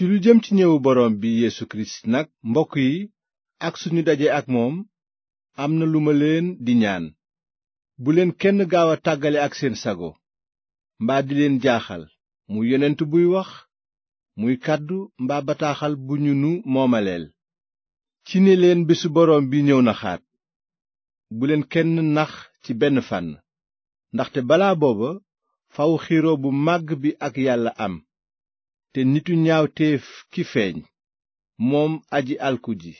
ci lu jëm ci ñëwu boroom bi Yeesu Kirist nag mbokk yi ak suñu daje ak moom am na lu ma leen di ñaan bu leen kenn gaaw a tàggale ak seen sago mbaa di leen jaaxal mu yonent buy wax muy kàddu mbaa bataaxal bu ñu nu moomaleel ci ne leen bésu boroom bi ñëw na xaat bu kenn nax ci benn fànn ndaxte balaa booba faw xiroo bu màgg bi ak yàlla am te nit nitu ñaawteef ki feeñ moom aji alku ji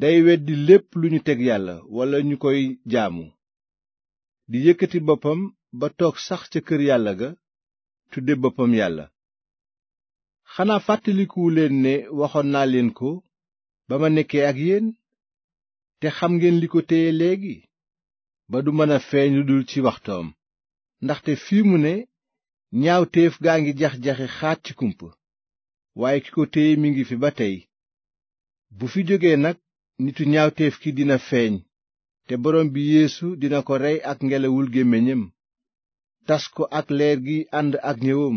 day di lépp lu ñu teg yàlla walla ñu koy jaamu di yëkkati boppam ba toog sax ca kër yàlla ga tudde boppam yàlla xanaa fàttalikuwu leen ne waxoon naa leen ko ba ma nekkee ak yéen te xam ngeen li ko téye léegi ba du mën a feeñ lu dul ci waxtoom ndaxte fii mu ne ñaawteef gaa ngi jax-jaxe xaat waaye ki ko téye mi ngi fi ba tey bu fi jógee nag nitu ñaawteef ki dina feeñ te borom bi yéesu dina ko rey ak ngelawul gémmiñam tas ko ak leer gi ànd ak ñëwam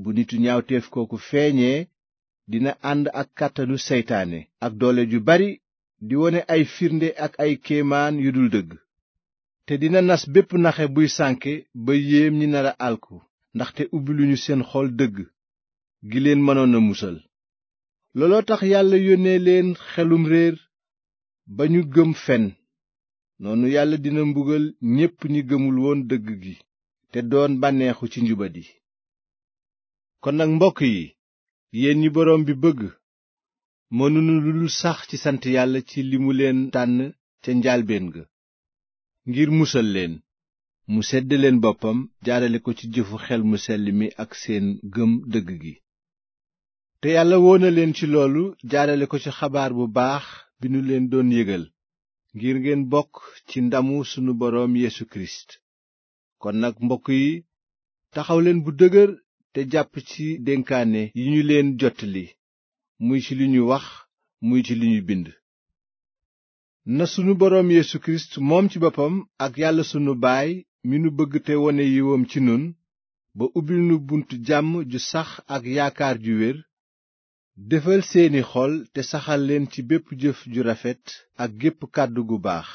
bu nitu ñaawteef kooku feeñee dina ànd ak kàttanu seytaane ak doole ju bari di wone ay firnde ak ay kéemaan yu dul dëgg te dina nas bépp naxe buy sànke ba yéem ñi nara a alku ndaxte ubbi luñu seen xool dëgg gileen leen mënoon a musal looloo tax yàlla yónnee leen xelum réer ba ñu gëm fen noonu yàlla dina mbugal ñépp ñi gëmul woon dëgg gi te doon bànneexu ci njubadi kon nag mbokk yi yéen ñi boroom bi bëgg mënunu lu sax ci sant yàlla ci li mu leen tànn ca njaalbeen ga ngir musal leen mu sedd leen boppam jaarale ko ci jëfu xel mu sell mi ak seen gëm dëgg gi te yàlla woo na leen ci loolu jaarale ko ci xabaar bu baax bi nu leen doon yëgal ngir ngeen bokk ci ndamu sunu boroom Yesu Kirist kon nag mbokk yi taxaw leen bu dëgër te jàpp ci dénkaane yi ñu leen li muy ci li ñu wax muy ci li ñu bind na sunu boroom Yesu Kirist moom ci boppam ak yàlla sunu baay mi nu bëgg te wone yiwam ci nun ba ubbil nu buntu jàmm ju sax ak yaakaar ju wér defal seeni xol te saxal leen ci bépp jëf ju rafet ak gépp kàddu gu baax